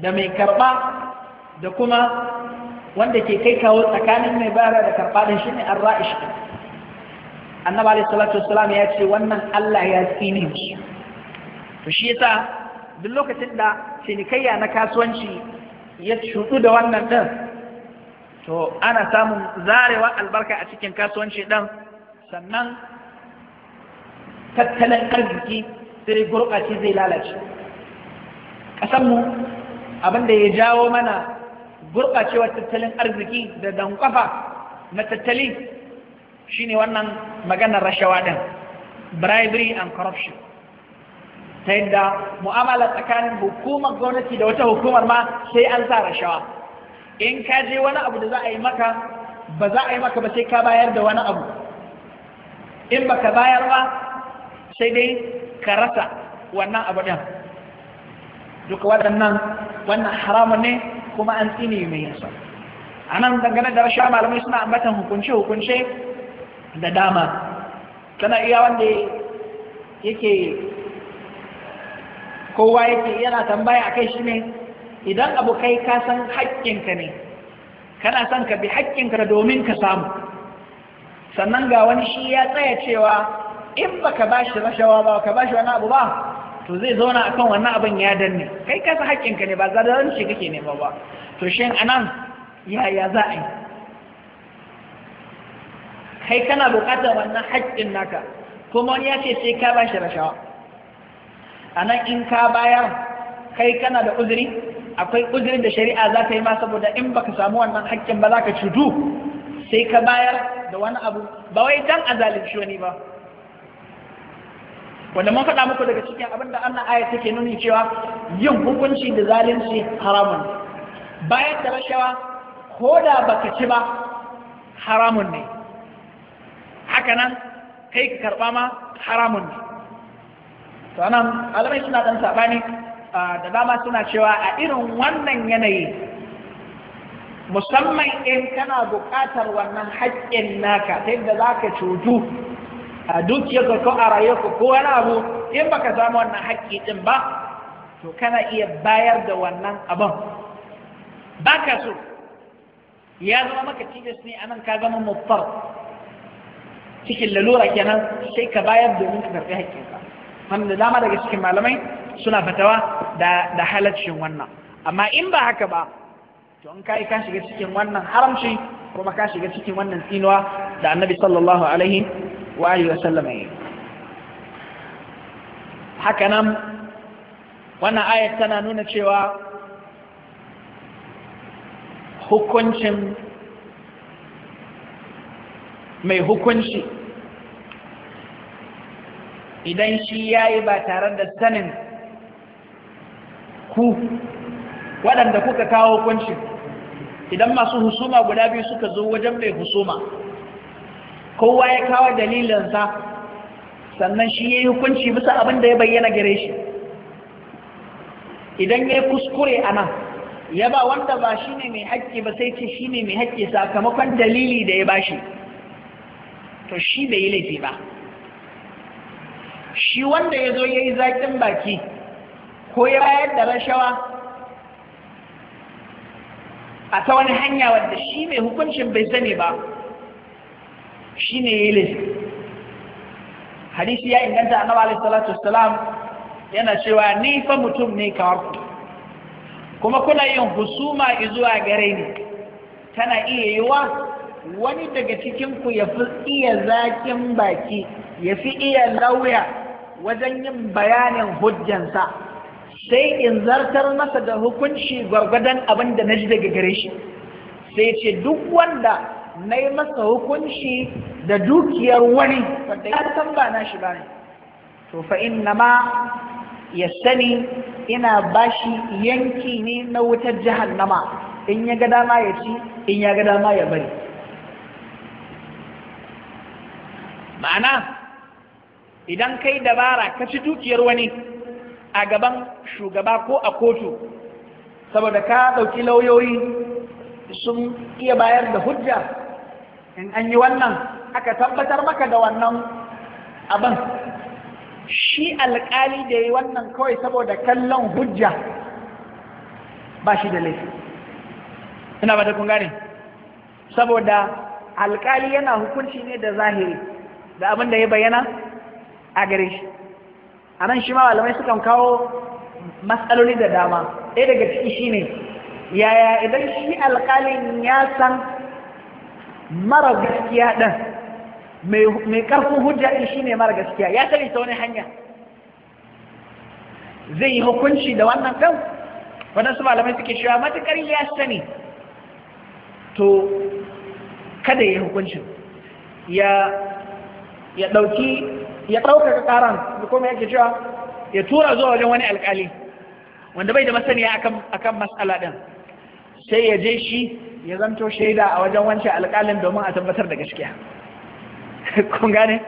da mai karɓa da kuma wanda ke kai kawo tsakanin mai bara da karɓaɗin shi ne arra'ish ɗin annaba alaihi salatu wassalam ya ce wannan Allah ya tsine shi to shi yasa duk lokacin da cinikayya na kasuwanci ya shudu da wannan ɗin to ana samun zarewa albarka a cikin kasuwanci ɗin sannan tattalin arziki sai gurbaci zai lalace ƙasanmu abin da ya jawo mana gurɓacewar tattalin arziki da dankwafa na tattali shine wannan maganar rashawa ɗin bribery and corruption ta yadda mu'amala tsakanin hukumar gwamnati da wata hukumar ma sai an sa rashawa in ka je wani abu da za a yi maka ba za a yi maka ba sai ka bayar da wani abu in baka bayar ba sai dai ka rasa wannan abu ɗin duka waɗannan wannan haramun ne kuma an tsine mai yasa a nan dangane da rashawa malamai suna ambatan hukunce-hukunce da dama tana iya wanda yake kowa yake yana tambaya a kai shi ne idan abu kai ka san haƙƙinka ne kana son ka bi haƙƙinka domin ka samu sannan ga wani shi ya tsaya cewa in baka shi rashawa ba ka bashi wani abu ba to zai zauna akan wannan abin ya danne kai kasa ka ne ba zalunci kake nema ba to shin anan yaya za a yi kai kana buƙatar wannan haƙƙin naka kuma wani ya ce sai ka bashi rashawa anan in ka bayar kai kana da uzuri akwai uzurin da shari'a za ta yi ma saboda in baka samu wannan haƙƙin ba za ka cutu sai ka bayar da wani abu ba wai dan a zalunci wani ba wanda mun faɗa muku daga cikin abin da annan aya take nuni cewa yin hukunci da zalunci haramun bayan da rashawa ko da baka ci ba haramun ne haka nan kai ka karɓa ma haramun ne to anan alamai suna ɗan saɓani da dama suna cewa a irin wannan yanayi musamman in kana buƙatar wannan haƙƙin naka ta yadda za ka cutu a dukiyarka ko a rayuwarka ko wani abu in baka samu wannan haƙƙi din ba to kana iya bayar da wannan abin baka so ya zama maka tilas ne anan ka zama muftar cikin lalura kenan sai ka bayar domin ka karɓi haƙƙinka wanda dama daga cikin malamai suna fatawa da da halaccin wannan amma in ba haka ba to in kai ka shiga cikin wannan haramci kuma ka shiga cikin wannan tsinuwa da annabi sallallahu alaihi wa alihi wa haka nan wannan ayat tana nuna cewa hukuncin mai hukunci idan shi ya yi ba tare da sanin ku waɗanda kuka kawo hukuncin idan masu husuma guda biyu suka zo wajen mai husuma kowa ya kawo dalilinsa sannan shi ya yi hukunci bisa abin da ya bayyana gare shi idan ya kuskure a nan ya ba wanda ba shi ne mai haƙƙi ba sai ce shi ne mai haƙƙi sakamakon dalili da ya bashi to shi bai yi laifi ba shi wanda ya zo ya yi zaƙin baki ko ya bayar da rashawa a ta wani hanya wadda shi mai hukuncin bai sani ba shine yayi laifi hadisi ya inganta annabi alaihi salatu wassalam yana cewa ni fa mutum ne kamar ku kuma kuna yin husuma zuwa gare ni tana iya wa wani daga cikin ku ya fi iya zakin baki ya fi iya lauya wajen yin bayanin hujjansa sai in zartar masa da hukunci gwargwadon abin da na ji daga gare shi sai ce duk wanda na yi masa hukunci da dukiyar wani ya san ba na shi ba ne to fa inna ma ya sani ina bashi yanki ne na wutar jahannama in ya ga dama ya ci in ya ga dama ya bari ma'ana idan kai dabara ka ci dukiyar wani a gaban shugaba ko a kotu saboda ka ɗauki lauyoyi sun iya bayar da hujja in an yi wannan aka tabbatar maka da wannan abin shi alƙali da yi wannan kawai saboda kallon hujja ba shi da laifi ina ba da kun gane saboda alƙali yana hukunci ne da zahiri da abin da ya bayyana a gare shi a nan shi malamai sukan kawo matsaloli da dama ɗaya daga ciki shi ne. yaya idan shi alƙalin ya san mara gaskiya ɗan mai ƙarfin hujja ɗin shi ne mara gaskiya ya tare ta wani hanya
zai yi hukunci
da wannan kan waɗansu malamai suke cewa matuƙar ya sani to kada ya yi hukuncin ya ya ɗauki ya ɗaukaka ƙaran da kuma yake cewa ya tura zuwa wajen wani alƙali wanda bai da masaniya akan akan mas'ala ɗin sai ya je shi ya zanto shaida a wajen wancan alƙalin domin a tabbatar da gaskiya kun gane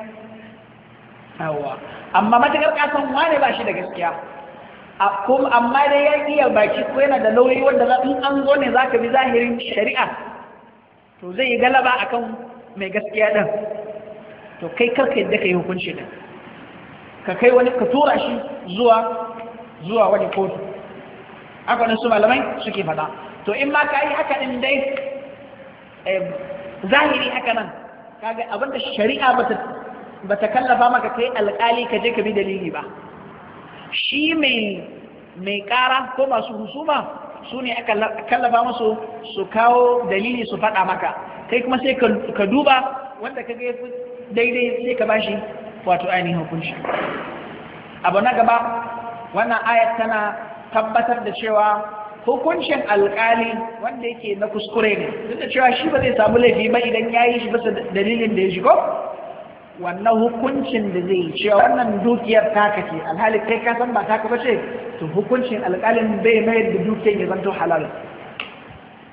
yawa amma matakar kasan wane ba shi da gaskiya amma dai ya iya baki ko yana da nauyi wanda za an zo ne za ka bi zahirin shari'a to zai yi galaba akan mai gaskiya dan. to kai karka yadda ka yi hukunci ɗin ka kai wani ka tura shi zuwa wani kotu akwai su malamai suke faɗa to in ma ka yi haka din dai eh, zahiri haka nan kaga abinda shari'a bata bata kallafa maka kai alƙali ka je ka bi dalili ba shi mai ƙara ko masu husuma su ne aka kallafa musu su kawo dalili su faɗa maka kai kuma sai ka duba wanda ka ga daidai sai ka bashi wato ainihin hukunci abu na gaba wannan ayat tana tabbatar da cewa hukuncin alkali wanda yake na kuskure ne duk da cewa shi ba zai samu laifi ba idan ya yi shi bisa dalilin da ya shigo wannan hukuncin da zai yi cewa wannan dukiyar taka ce alhali kai ka san ba taka ba ce to hukuncin alkalin bai mayar da dukiyar ya zanto halal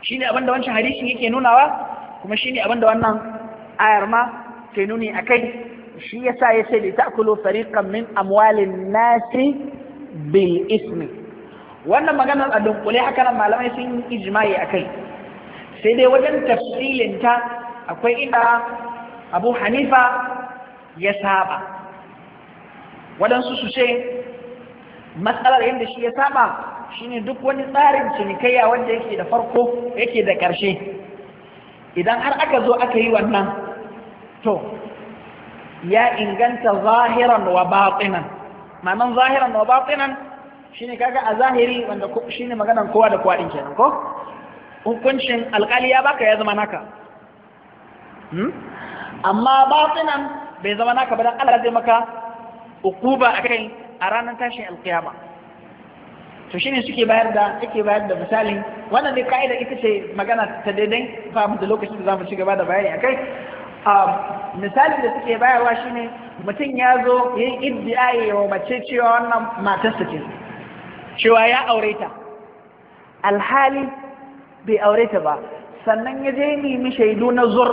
shine abin da wancan hadisin yake nunawa kuma shine abin da wannan ayar ma ke nuni a kai? shi yasa yace li ta'kulu fariqan min amwalin nasi bil ismi wannan maganar a dunkule haka nan malamai sun yi ijima'i a kai sai dai wajen tafsilinta akwai inda abu hanifa ya saba waɗansu su ce matsalar yadda shi ya saba shine duk wani tsarin cinikayya wanda yake da farko yake da ƙarshe idan har aka zo aka yi wannan to ya inganta zahiran wa batinan ma'anan zahiran wa shine kaga a zahiri wanda shine maganan kowa da kowa din kenan ko hukuncin alƙali ya baka ya zama naka hmm? amma batinan bai zama naka ba dan Allah zai maka ukuba akai a ranar tashin alkiyama to shine suke bayar da suke bayar da misalin wannan dai ka'ida ita ce magana ta daidai ba mu da lokacin da zamu ci gaba da bayani akai um, misali da suke bayarwa shine mutum ya zo yayin iddiaye wa mace cewa wannan matarsa ce cewa ya aure ta alhali bai aure ta ba sannan ya je nemi shaidu na zur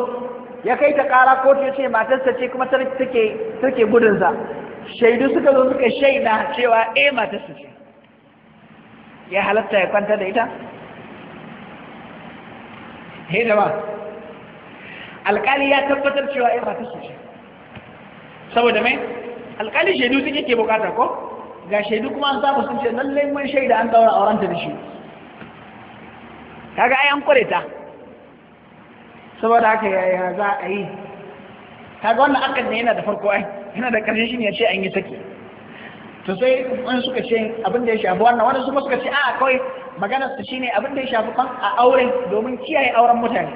ya kai ta kara kotu ya ce matarsa ce kuma take take gudunsa shaidu suka zo suka shaida cewa eh matarsa ce ya halatta ya kwanta da ita he ba alƙali ya tabbatar cewa eh matarsa ce saboda mai alƙali shaidu suke ke bukata ko ga shaidu kuma an samu sun ce lallai mun shaida an daura aurenta da shi kaga ai an kware ta saboda haka yaya za a yi kaga wannan akan ne yana da farko ai yana da karshe shi ya ce an yi take to sai wani suka ce abin da ya shafi wannan wani kuma suka ce a kawai magana su shine abin da ya shafi kan a aure domin kiyaye auren mutane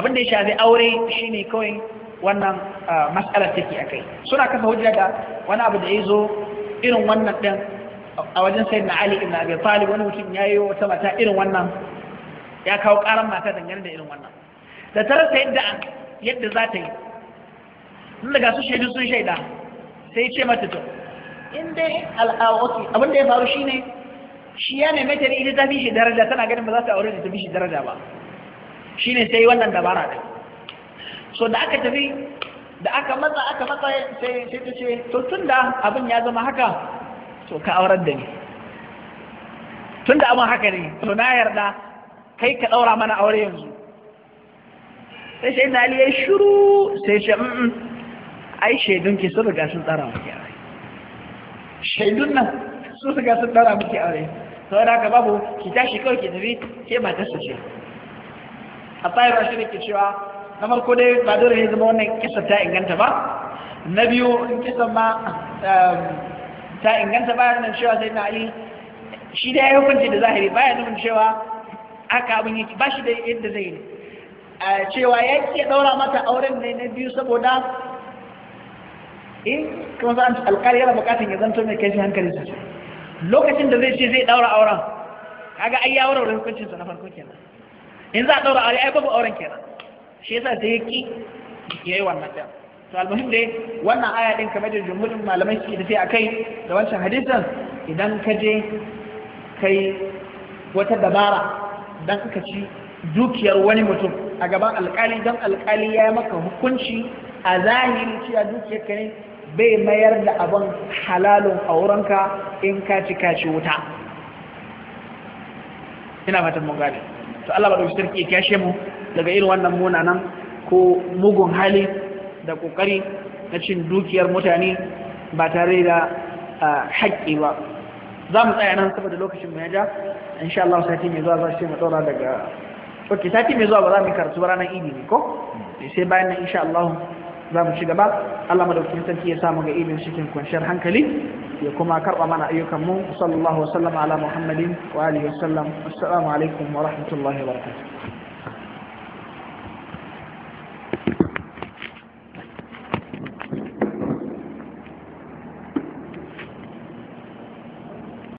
abin da ya shafi aure shine kawai wannan ah, mas'alar take akai suna kafa hujja da wani abu da ya zo irin wannan ɗin a wajen sai na Ali ibn Abi Talib wani mutum ya yi wata mata irin wannan ya kawo ƙaran mata dangane da irin wannan da ta rasa yadda yadda za ta yi sun daga su shaidu sun shaida sai ce mata to in dai al'awaki abin da ya faru shi ne, shi ya neme ta ita ta fi shi daraja tana ganin ba za ta aure da ta fi shi daraja ba Shi ne sai wannan dabara ɗin so da aka tafi da aka matsa aka matsa sai sai ta ce to tunda abin ya zama haka to ka aurar da ni tunda abin haka ne to na yarda kai ka daura mana aure yanzu sai sai na ali ya shiru sai shi mm, mm ai shaidun ki sun riga sun tsara miki aure shaidun nan sun riga sun tsara miki aure to da haka babu ki tashi kawai ki tafi ke ba su ce a tsayar shi ne ke cewa na farko dai ba dole ne zama wannan kisa ta inganta ba na biyu kisa ma ehm, ta inganta ba yana cewa sai na ali shi da ya hukunci da zahiri ba ya nufin cewa haka abin yake ba shi da yadda zai yi. cewa ya ke daura mata auren ne na biyu saboda in eh, kuma za a ci alkali yana bukatan ya zanto mai kaifin hankali sosai lokacin da zai ce zai daura auren kaga ai ya wurin hukuncinsa na farko kenan in za a daura aure ai babu auren kenan shi yasa sai yaki yayi wannan ta to almuhim dai wannan aya din kamar da jumhurin malamai suke tafi kai da wancan hadisin idan ka je kai wata dabara dan ka ci dukiyar wani mutum a gaban alkali don alkali ya yi maka hukunci a zahiri cewa dukiyar ka ne bai mayar da abin halalun aurenka in ka ci ka wuta ina fatan mun gane to Allah madaukakin sarki ya kyashe mu daga irin wannan munanan ko mugun hali da kokari na cin dukiyar mutane ba tare da haƙƙi ba za mu tsaya nan saboda lokacin mu ya ja insha Allah sati mai zuwa za su mu tsora daga ok sati mai zuwa ba za mu karatu ba ranar idi ne ko hmm. sai bayan nan insha Allah za mu ci gaba Allah madaukakin sarki ya samu ga ilin cikin kwanciyar hankali ya kuma karba mana ayyukan mu sallallahu alaihi wa sallam ala muhammadin wa alihi wa sallam assalamu alaikum wa rahmatullahi
wa barakatuh